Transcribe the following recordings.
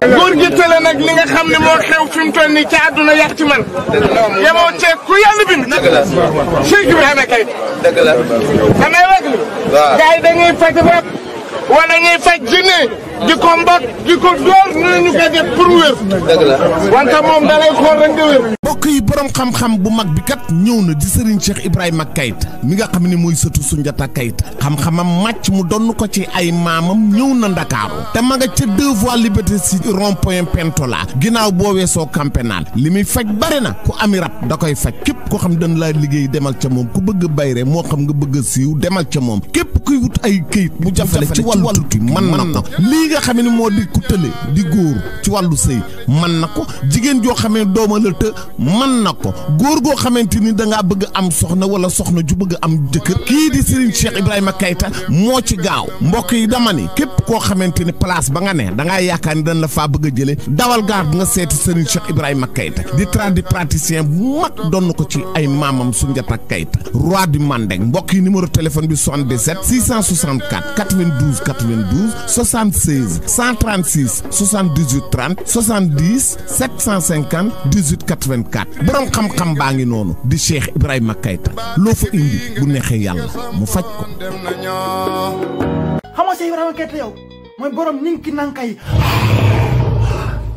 góor gi tële nag li nga xam ne moo xew fi mu toll nii ci àdduna yàq ci man. yemoo ceeb ku yàlla bind. dëgg la Cheikh Ibrahima Keïta. li. waaw dañuy faj rek. wala ñuy faj jinne di ko mbot di ko dóor ñu koy def pour wante moom da lay xool wér. mbokk yi borom xam-xam bu mag bi kat ñëw na di Serigne Cheikh Ibrahima Keita mi nga xam ni mooy sëtu Soundiata Keita xam-xamam màcc mu donn ko ci ay maamam ñëw na Ndakaaru te ma nga ca deux voies liberté si rond point ginnaaw boo weesoo camp pénal li muy faj bare na ku ami rab da koy faj képp koo xam dañ laa liggéey demal ca moom ku bëgg bayre moo xam nga bëgg a siiw demal ca moom. kuy wut ay këyit mu jafale ci wàllu tukki mën na ko lii ne moo di ku tële di góor ci wàllu sëy mën na ko jigéen joo xamee dooma la të mën na ko góor goo xamante ni dangaa bëgg am soxna wala soxna ju bëgg am jëkkër kii di Serigne Cheikh Ibrahima Keita moo ci gaaw mbokk yi dama ni képp koo xamante ni place ba nga ne dangaa yaakaar ni dañ la faa bëgg a jëlee dawal gaar nga seeti Serigne Cheikh Ibrahima Keita di tradipraticien bu mag doon ko ci ay maamam Soundiata Keita roi du Mandeng mbokk yi numéro téléphone bi 77 664 92 92 76 136 78 30 70 xam-xam baa ngi noonu di Cheikh Ibrahima Keita loo fa indi bu neexee yàlla mu faj ko. xam nga Ibrahima Keita yow mooy borom ninki nanka yi.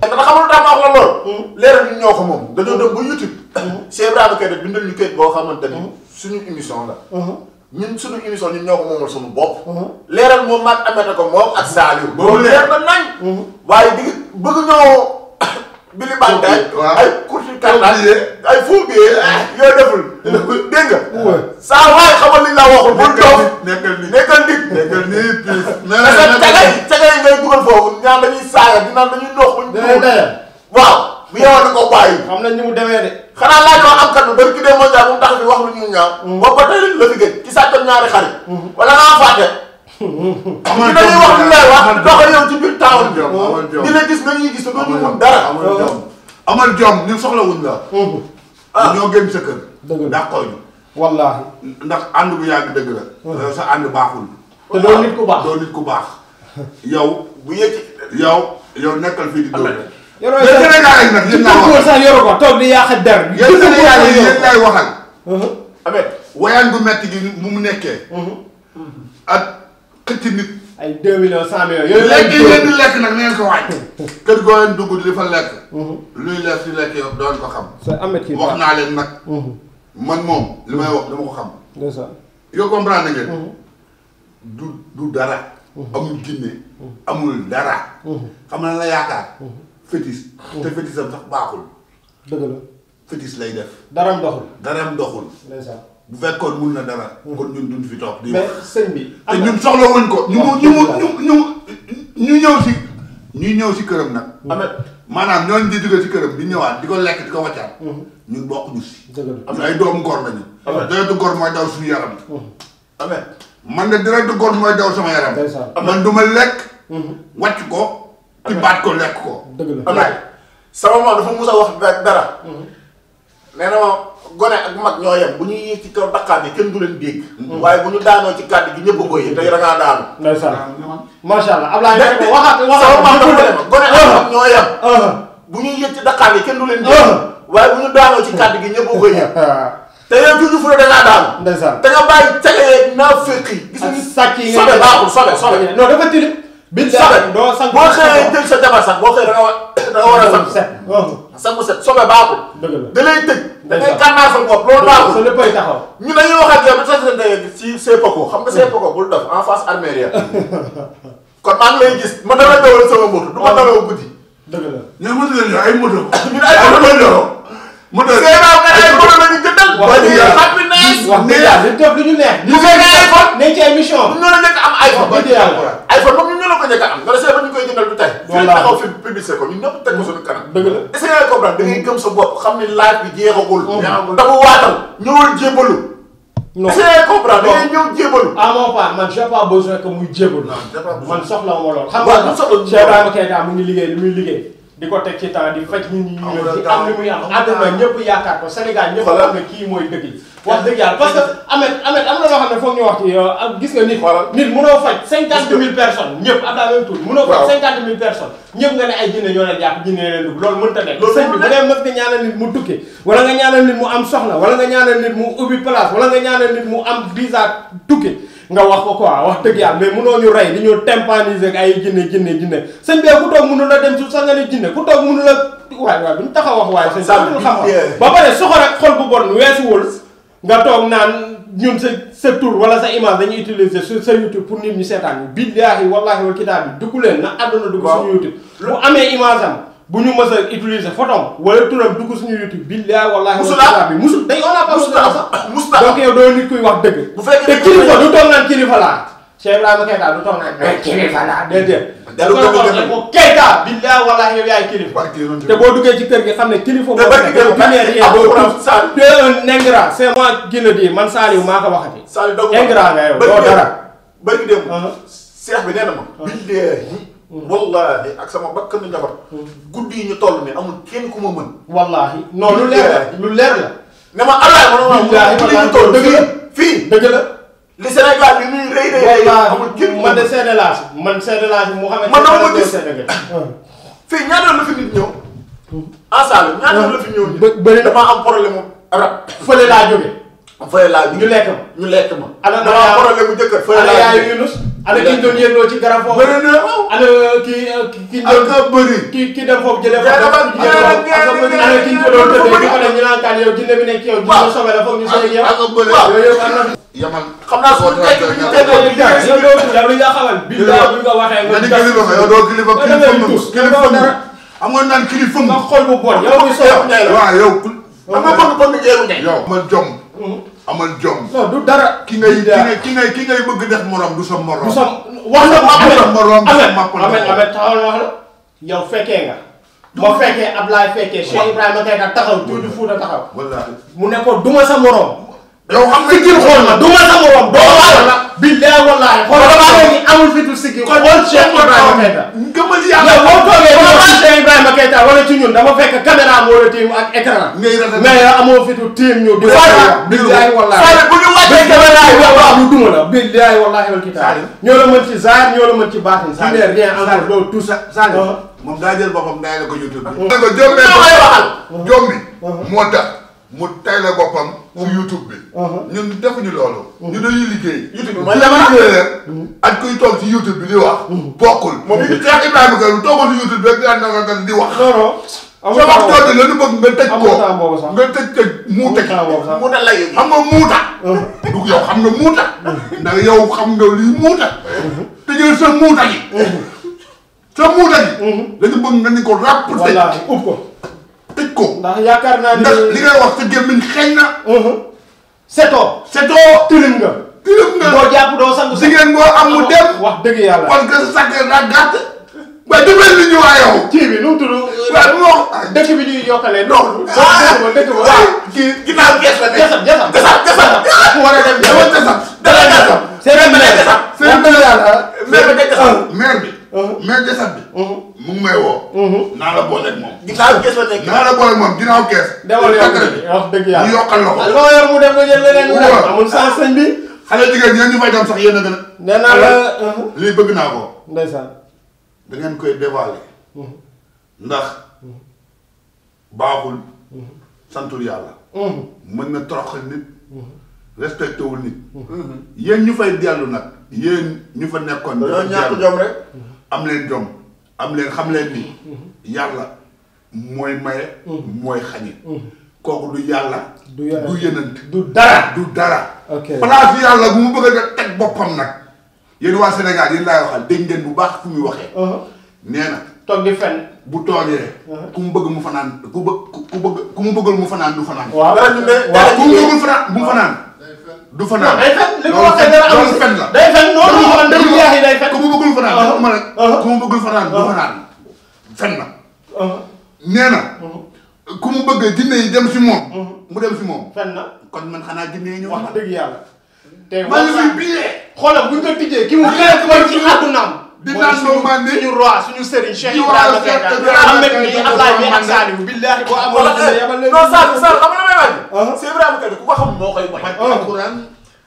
dafa xamul daal wax la leeral ñu ñoo ko moom. dañoo dem ba YouTube. Cheikh Ibrahima Keita bindal ñu kayit boo xamante ni. suñu émission la. ñun suñu émission ñun ñoo ko moomal suñu bopp. Uh-huh. leeral moom maag amete ko moom ak Saliou. boobu leer na nañ. Uh-huh. waaye di bëgg ñoo. bili bantaay ay kurti kartaan ay fuubiyee ah. yoo deful uh-huh. dégg nga saa waay xamal li la waxul bu dof nekkal nit nekkal nit nekkal nit parce que cagay cagay ngay dugal foofu ñaan dañuy saaga di naan dañuy dox buñ waaw bu ñëwoon di ko bàyyi. xam nañ ni mu demee de. xanaa laaj ma am kat bi bari tuddee mondial bu mu mm. la fi gëj ci sàccoon ñaari xarit. Mm. wala ngaa mm. wax li lay wax doxal yow ci biir taawon bi. amoon jom dina gis nañuy gis doo ñu mun dara. amoon jom amoon jom ñun soxla wuñ la. Ah. ah ñoo gëm sa kër. dëgg la ndax koy ñu. wallaahi. ndax ànd bu yàgg dëgg la. sa ànd baaxul. te doo nit ku baax doo nit ku baax. yow bu yëg yow yow nekkal fii di dóor yoroo yi Sénégal nag yéen laa waxal sax yoroo ko toog di yàq der. yéen Sénégal yi yéen laay waxal. avec wayaan bu metti gi mu mu nekkee. ak xëcc nit. ay deux millions cent millions yooyu lekk yi ngeen di lekk nag na ngeen ko wàññi. kër goo leen dugg di fa lekk. luy lekk si lekk yow doon ko xam. sa wax naa leen nag. man moom li may wax dama ko xam. ndeysaan yow comprendre ngeen. du du dara. amul jinne amul dara. xam na la yaakaar. fétis te fétisam sax baaxul. dëgg la. fétis lay def. daraam doxul. daraam doxul. bu fekkoon mun na dara. kon ñun duñ fi toog. di wax mais sëñ bi. te ñun soxla wuñ ko. ñu mu ñu mu ñu ñu ñëw si. ñu ñëw si këram nag. Mm-hmm. am maanaam ñooñu di jóge si këram di ñëwaat di ko lekk di ko wàccaat. Mm-hmm. ñun bokk ñu si. am na ay doom góor lañu. am na dërëtu góor mooy daw suñu yaram. Mm-hmm. am man de dërëtu góor mooy daw sama yaram. man du ma lekk. wàcc ko. ci baat ko lekk ko. dëgg la am sama moom dafa mus a wax dara. Mhm. nee na ma gone ak mag ñoo yem bu ñuy yéeg ci kaw daqaar yi kenn du leen mhm. waaye bu ñu daanoo ci kàddu gi ñëpp a koy tey da ngaa daanu. ndeysaan macha allah Ablaye nga ne ko waxaat waxaat sama maam dafa ne gone ak mag ñoo uh-huh. Uh-huh. bu ñuy yéeg kenn du leen dégg. Uh-huh. waaye bu ñu daanoo ci gi ñëpp a koy te yow tuuti fu ne da ngaa daanu. ndeysaan te nga bàyyi tege naa féqi. gis nga sàcc yi nga sobe biñ sax doo sax boo xëyee jël sa jabar sax boo xëyee da nga war da nga war a sax. set sangu set sobe baaxul. dëgg la da lay tëj. da ngay kànnaar sa bopp loolu baaxul. sa léppay taxaw. ñu dañuy wax ak yow dafa nekk ci Sepako xam nga Sepako bul dof en face arméria kon maa ngi lay gis ma dara dawal sama moto du ma dawal guddi. dëgg la ñoom moto yooyu ay moto. ñun ay moto la ñu jëndal. waaw waaw wax dëgg yàlla dañu toog lu ñu neex. ñu fekk iPhone nañ ci ay mission. ñu ñoo nekk am iPhone. wax dëgg yàlla iPhone moom ñu ñoo la ko njëkk a am. nga desee ba ñu koy jëndal du tey. wallaahi fii taxaw fi publicité ko ñun ñëpp teg ko suñu kanam. dëgg la est-ce que yaa ngi comprendre da ngay gëm sa bopp xam ni laaj bi jeexagul. Oh da ko waatal ñëwal jébalu. non est-ce que yaa ngi comprendre da ngay ñëw jébalu. à ah, mon part man j'ai pas besoin que muy jébalu. man soxla wu ma lool. xam nga Cheikh Ibrahima Keita mu ngi liggéey li muy liggéey di ko teg ci temps di faj nit ñi ñu am li muy am àdduna ñëpp yaakaar ko Sénégal ñëpp xam ne kii mooy dëgg wax dëgg yàlla parce que Ameth Ameth am na loo xam ne foog ñu wax ci ak gis nga nit. voilà nit mënoo faj cinquante mille personnes ñëpp à la même tour. mënoo faj cinquante mille personnes. ñëpp nga ne ay jinne ñoo leen jàpp jinne loolu mënta nekk. loolu bi nga ñaanal wax dëgg yàlla mais mënoo ñu rey di ñu tympaniser ak ay jinne jinne jinne sëñ bi ku toog mënu la dem su sax nga ne jinne ku toog mënu la waay waay bu ñu taxaw wax waaye sëñ bi xam ba pare soxor ak xol bu bon weesuwul nga toog naan ñun sa sa tur wala sa image dañuy utiliser sur sa YouTube pour nit ñu seetaan billaahi wallaahi wal bi dugg leen na àdduna dugg suñu YouTube lu amee image bu ñu mës a utiliser photom wala turam dugg suñu YouTube billaahi wallaahi wal dañ on a pas musul donc yow doo nit kuy wax dëgg te kilifa du toog naan kilifa laa Cheikh Ibrahima Keita du toog nag. mais kilifa la déedéet. dalu ko dëgg ko Keita billahi wallahi yow yaay kilifa. te boo duggee ci kër gi xam ne kilifa boo. un ingrat c'est moi qui le dis man Saliou maa ko waxati. Saliou doog ingrat nga yow doo dara. bëri dem seex bi nee na ma. billahi wallahi ak sama bakkanu njabar. guddi yi ñu toll nii amul kenn ku ma mën. wallahi non lu leer la lu leer la. ne ma allah ma ne ma. billahi wallahi dëgg la fii dëgg la li Sénégal bi muy man de Seydou Lass man Seydou Lass Mouhamed. man dama ko gis fii ñaata la fi nit ñëw. en ah, salle ñaata la fi ñëw ñu. bëri dama am problème mu rab. fële laa jóge. fële laa ñu lekk ma ñu lekk ma. ana dama am problème mu jëkkër fële laa yaayu Yunus. ana ki ñu doon yëndoo ci garab foofu. bëri na ana kii uh, ki uh, doon ak bëri. ki ki dem foofu jëlee foofu. ana ki ñu ko doon tëddee ñu ko ne ñu naan kaan yow jinne bi nekk yow. waaw jinne sobe la foofu ñu sëy yow. waaw yamal xam naa soo dina jël ñaar yow doo yow li nga xamal billa bu nga waxee nga ni kilifa nga yow doo kilifa kilifa mu kilifa mu am nga naan kilifa mu xol bu bon yow muy aku waaw yow am nga bon bon jëru ngay yow man jom amal jom non du dara ki ngay ki ngay ki ngay bëgg def morom du sa morom du sa wax na ma ko morom du sa mappal amet amet taxawal wax la yow fekkee nga ma fekkee ablaay fekkee cheikh ibrahima kay taxaw tuuti fuuta taxaw wallahi mu ne ko duma sa morom yow am na sikir xool ma du ma sa morom doo waral billahi wallahi xool amul fitu sikir xool Cheikh Ibrahima Keita gëmal yàlla boo toogee ci Cheikh Ibrahima Keita wala ci ñun dama fekk caméra moo la tiim ak écran mais yow amoo fitu tiim ñu di waral billahi wallahi bu ñu wàccee caméra yi wax ñu duma la billahi wallahi wal kitaab ñoo la mën ci zaahir ñoo la mën ci baatin ça n'est rien encore loolu tout ça ça ah. moom daa jël boppam daa la ko YouTube ko ah. jombe ah, waxal jombi moo tax mu tay la boppam ci ah. YouTube bi. Ah. ñun defuñu loolu. Ah. ñu dañuy liggéey. YouTube bi mooy la ma ak kuy toog ci YouTube bi di wax. bokkul moom it Cheikh Ibrahima Kane toogoon ci YouTube bi rek di àndal ak di wax. non non amul sa wax jooju la ñu bëgg nga tëj ko nga tëj tëj muuta ki muuta la xam nga muuta. du yow xam nga xam nga lii muuta. te jël sa muuta gi. sa muuta gi. dañu bëgg nga ni ko ràpp tëj. wallaahi ko. tëj ko. ndax yaakaar naa ne ndax li ngay wax sa gémmiñ xeeñ na. Uh-huh. setoo. setoo tilim nga. tilim nga doo jàpp doo sangu. jigéen boo am mu dem. wax dëgg yàlla parce que sa sàkkee daa gàtt. waaye déglu li ñu waa yow. kii bi nu mu tudd. waaye bu ma wax ah, dëkk bi ñuy yokkalee. non ah dëkk ba dëkk ba. waaw kii ginnaaw gees la de. gesam gesam gesam gesam. ku war a dem dama gesam. dama bi. Uh-huh. mais desat bi. Uh-huh. mu ngi may woo. Uh-huh. naa la booleeg moom. ginnaaw kees la nekk naa la booleeg moom ginnaaw kees. demal yow bi wax dëgg ko. loo mu dem nga jël leneen mu dem amul sens sëñ bi. xale jigéen ñeen ñu fay dem sax yéen a gën a. nee la lii bëgg koy dévoiler. ndax baaxul. santul yàlla. mën na yéen ñu fay dellu nag. yéen ñu fa nekkoon. dañoo ñàkk jom rek. am leen jom am leen xam leen ni mm-hmm. yàlla mooy maye mm-hmm. mooy xañi mm-hmm. kooku du yàlla du yënant du dara du dara place yàlla bu mu bëgg a teg boppam nag yéen waa Sénégal yéen laay waxal dégg ngeen bu baax fu muy waxee uh-huh. nee na toog di fen bu toogee uh-huh. ku mu bëgg mu fanaan ku bë ku bëgg ku mu bëggal mu fanaan du fanaan waaw ku mu bëggul fanaan mu fanaan du fa naan loolu fen loolu fen la day fen noonu la day fen ku mu bëggul fa naan waxuma rek uh-huh. uh-huh. ku mu bëggul fa naan du uh-huh. ku mu bëgg jinne yi dem si moom mu dem si moom fen na kon man xanaa jinne yi ñëw wax dëgg yàlla te man la fi bilee xoolal bu ñu ko tijjee ki mu gën a ci àddunaam di naan doo màndi suñu roi suñu sëriñ Cheikh Ibrahima Keita Ablaye bi ak Saliou billahi boo amoon eh, non Saliou Saliou xam nga may wàññi Cheikh Ibrahima Keita ku ko xam moo koy bañ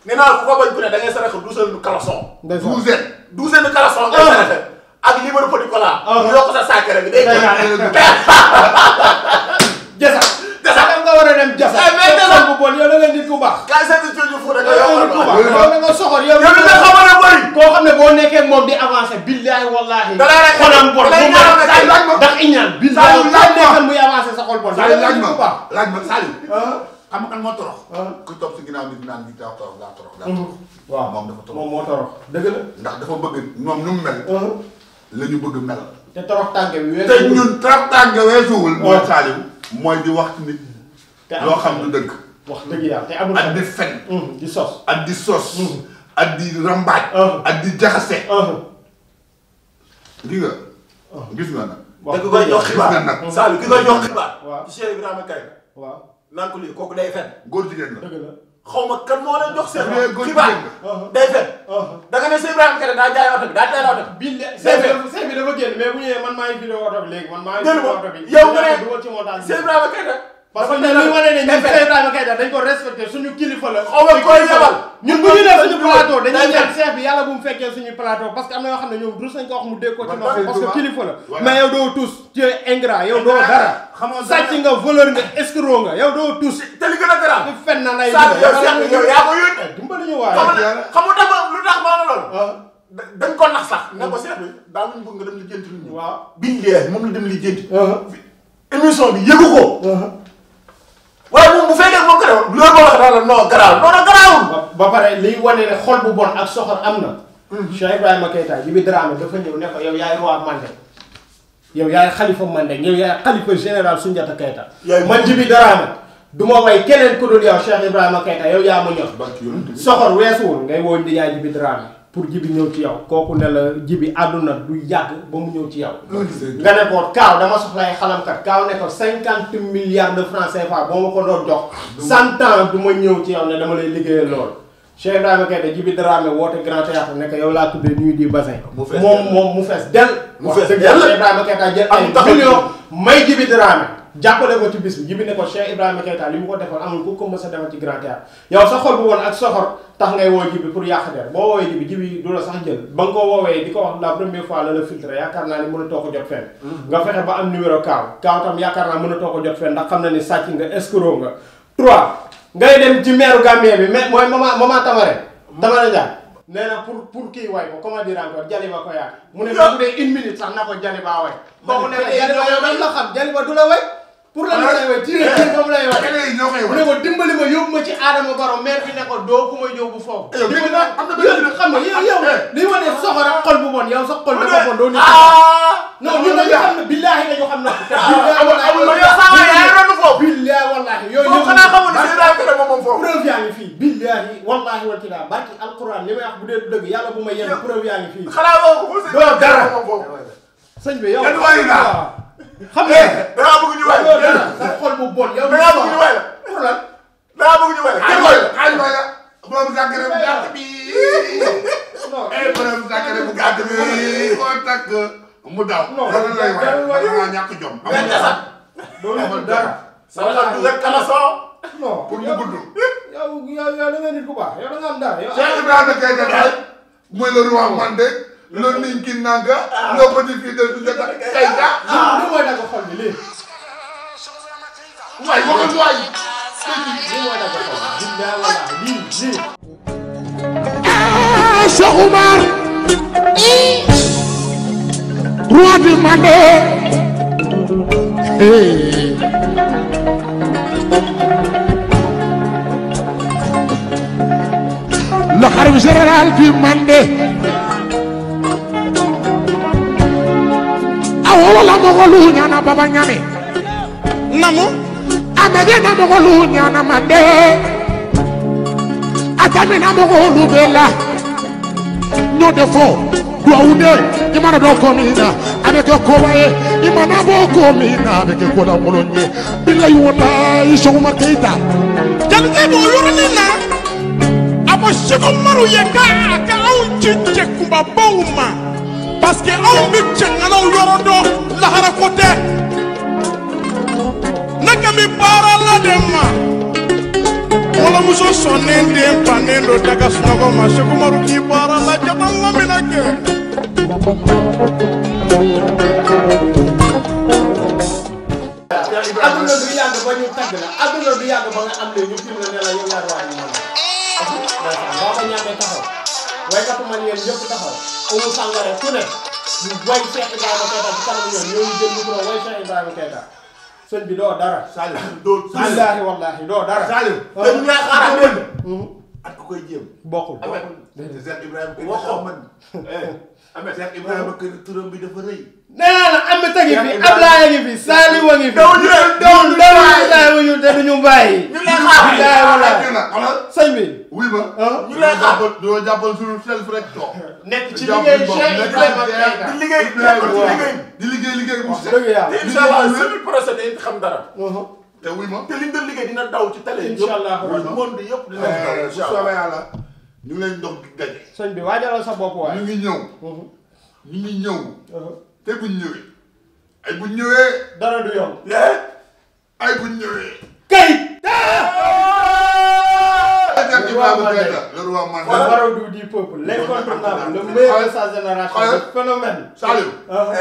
nee naa ku ko bañ ku ne da ngay sarax douzaine de caleçon douzaine douzaine de caleçon ngay uh-huh. sarax ak libre petit cola uh-huh. yokk sa saakare bi day jasa jasa nga war a dem jasa eh, mais jasa bu bon yow da nga nit ku baax kaay seeti jooju fu da nga yow bo nekké mom di avancer billahi wallahi xolam bon bu ma ndax iñaan billahi nekkan muy avancer sa xol bon laaj ma laaj ma salim ah. xam kan mo torox ah. ku top ci ginaaw nit naan nit da torox da torox da mm-hmm. torox waaw mom dafa torox mom mo torox deug la ndax dafa bëgg mom nu mel ah. lañu bëgg mel té torox tangé wi té ñun torox tangé wésuul mo salim moy di wax nit lo xam du deug wax deug ya té amul ak di fen mm-hmm. di sos ak di sos mm-hmm. ak di rambaaj. Ah. ak di jaxase. Ah. gis nga. Ah. gis nga nag. waaw ki koy jox xibaar gis nga nag. Saalum ki koy jox xibaar. waaw ci Cheikh Ibrahima Kay. waaw naan ko lii kooku day fen. góor jigéen la dëgg la. xaw ma kan moo leen jox seen. xibaar day fen. da nga ne Cheikh Ibrahima Kay daa jaay oto bi daa jaay oto bi. bi bi dafa génn mais bu ñu man maa ngi vidéo oto bi léegi man maa ngi. yow nga ne Cheikh Ibrahima Kay parce que dañuy wane ne ñun Cheikh Ibrahima Keita dañ ko respecté suñu kilifa la. mu fekkee suñu plateau ko mu dégg nga voleur li gën a na lay. ko yónni. Eh, dimbali ñu waaye xam ah. bi ñu dee moom la dem li jënti ah. émission yëgu ko ah. waaye moom bu fekkee moom gën a loolu moo wax daal non garaawul non non garaawul. ba pare liy wane ne xol bu bon ak soxor am na. Mhm. Cheikh Ibrahima Keita ji bi Dramé dafa ñëw ne ko yow yaay roi Mandeng yow yaay xalifa Mandeng yow yaay xalifa général Soundiata Keita. man ji bi du ma way keneen ku dul yow Cheikh Ibrahima Keita yow yaa ma ñor. soxor weesuwul ngay woo di yaay ji bi pour jibi ñëw ci yow kooku ne la jibi àdduna du yàgg ba mu ñëw ci yow. nga ne ko kaaw dama soxlay xalamkat kaaw ne ko cinquante milliards de francs CFA boo ma ko doon jox. Ah, cent ans du ma ñëw ci yaw ne dama lay liggéeyal lool. Cheikh Ibrahima Keita Djiby Dramé woote Grand Théâtre nekk yow laa tuddee nuit du bassin. mu fees moom moom mu fees del. mu fees del Cheikh Ibrahima Keita jël ay may Djiby Dramé. jàppale ko ci bis bi jibi ne ko Cheikh Ibrahima Keita li mu ko defoon a sa xol di ko wax la première fois la la filtré yaakaar naa ni mën a too ko jot fenn mm-hmm. nga fexe ba am numéro kaaw kaaw tam yaakaar a ko jot fenn ndax na na pour pour kii way ko comment dire encore Jaliba ko yaar mu ne bu dee une minute sax na ko Jaliba way boobu nee na Jaliba yow la xam Jaliba du la way pour lan lay wax jiw jiw moom lay wax. mu ne ko dimbali ma ma ci Adama Baro maire bi ne ko doo ku ma yóbbu foofu. dégg bu bon yow sa xol dafa bon doo nit. non ñun dañu xam ne billaahi dañu xam ne. billaahi wallaahi yooyu yow xanaa xamul ne daa ko def moom ma yenn preuve yaa ngi fii xanaa xam nga eh, da ngaa bëgg ñu waay la xol bu bon yow da ngaa bëgg ñu waay la xoolal da ngaa bëgg ñu waay la kenn waay la xaaj waay la eh, borom zàkkare bu gàtt bi ay borom zàkkare bu gàtt bi koo takk mu daw loolu lay waay da ngaa ñàkk jom amul dara amul dara sama xol du rek kala soo non pour mu gudd yow yow yow da nga nit ku baax yow da nga am dara yow Cheikh Ibrahima Keita daal mooy le roi Mandé loolu nii kii nanga. Ah. loo ko di kii de du jot a kay da. ah, ah li mooy daga xol bi lii. waay waxal waay. lii mooy daga xol bi. dinaa wala lii lii. ah Cheikh Oumar. roi du Mandé. le khalife général du Mandé. wala dogolu nyana baba nyame namu amede na dogolu nyana mande atame na dogolu bela no defo duawude imana do komina abeke kowaye imana bo komina abeke koda molonye bila yuwata isoguma keita jalike bo yoroni na abo siko maru ye ka aka aw cince kumabaw ma parce que aw bi cɛŋanaw yɔrɔ dɔ lahara ko tɛ para ka mi baara la de ma wolomuso sɔnnen den bannen do daga sunɔgɔ ma sekumaru k'i para la jama ŋa mina kɛ aduna du yàgg ba ñu tagg la waykatu Malien yëpp taxaw amul sàngare ku ne ñu way Cheikh Ibrahima Keita ci kanam ñoom ñoo ñu jël micro way Cheikh Ibrahima Keita sëñ bi doo dara. Salim doo Salim billaahi wallaahi doo dara. Salim dañu lay xaaral benn. ak ku koy jéem. bokkul bokkul Cheikh Ibrahima Keita xaw man. Eh, Ahmed Cheikh Ibrahima Keita turam bi dafa rëy. nee naa la am tagi fi Ablaye ngi fi Salim a ngi fi. dawul ñu dawul dawul ñu bàyyi. ñu lay xaaral sëñ bi. wuy ma. ñu ngi lay xaar doo jàppal suñu self rek toog. nekk ci liggéey di liggéey di liggéey liggéey bu set. te incha allah suñu procès day xam dara. Uh-huh. te wuy ma te liñ doon liggéey dina daw ci télé. incha allah monde yëpp dina daw. Eh, incha allah soobee yàlla ñu ngi leen dox gaje. sëñ bi waajalal sa bopp waaye. ñu ngi ñëw. Uh-huh. ñu ngi ñëw. Uh-huh. te buñ ñëwee. ay buñ ñëwee. dara du yomb. ay buñ ñëwee. kay. le roi Mandela le marabout du peuple l'incontournable le meilleur de sa génération le phénomène Saliou ah, ah.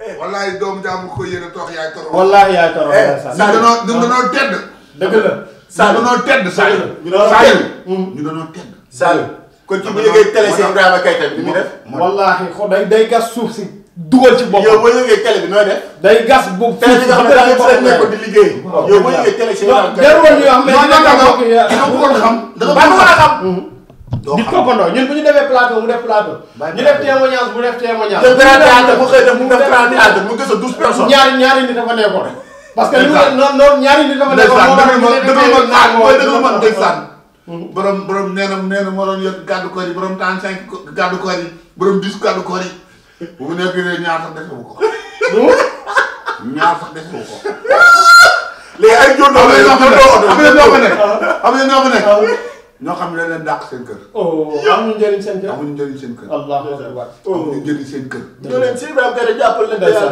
eh, eh. wallaay doomu jaamu ko yéene toox yaay toro wallaay yaay toro danoo ñu danoo tedd dëgg la Saliou danoo tedd Saliou ñu danoo tedd hmm. hmm. Saliou kon ci bu ñu yëgee télé si Ibrahima Keita bi mu def wallaahi day gas suuf si dugal ci boppam yow boo yëgee télé bi nooy def. day gas bu télé bi nga xam ne daal yëpp nekk di liggéey. yow boo yëgee télé si yow am. xam di toppandoo ñun bu ñu defee plateau mu def plateau. ñu def témoignage mu def témoignage. te benn théâtre bu xëy def mu def théâtre mu gis a douze personnes. ñaari ñaari nit dafa nekkoon. parce que li mu noonu ñaari nit dafa nekkoon. moo tax ñu nekk borom borom nee na nee na moo doon yor gàddu koor yi borom 35 gàddu koor yi borom 10 gàddu koor yi bu mu nekk nii ñaar sax desewu ko. ñaar sax desewu ko. léegi ay jur doon lay doon am na ñoo ko nekk am na ñoo ko nekk. ñoo xam ne ah. ah. leen dàq seen kër. Oh, amuñu njëriñ seen kër amuñu njëriñ seen kër. allah oh. amuñu njëriñ seen kër. ñoo leen seen ibrahima gën a jàppale leen. dèjà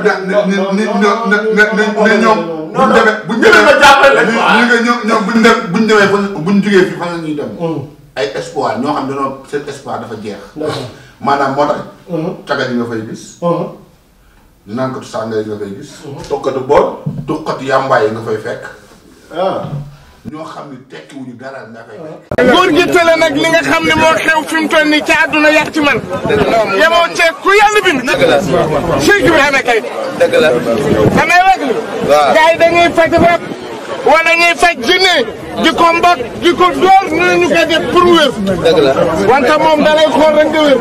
ne ñoom. non non buñ demee buñ demee buñ demee buñ demee buñ demee buñ jógee fii fan la ñuy dem. Mm. ay espoir ñoo xam ne dañoo seen espoir dafa jeex. maanaam moo tax. Uh-huh. caga ji nga fay gis. Uh-huh. Uh-huh. fekk. Ah. ñoo xam ne tekkiwuñu dara nga àdduna yàq ci faj rab. wala ñuy faj jinne. di ko mbag di ko door na ñu koy def pour wér. wante moom da lay xool rek nga wér.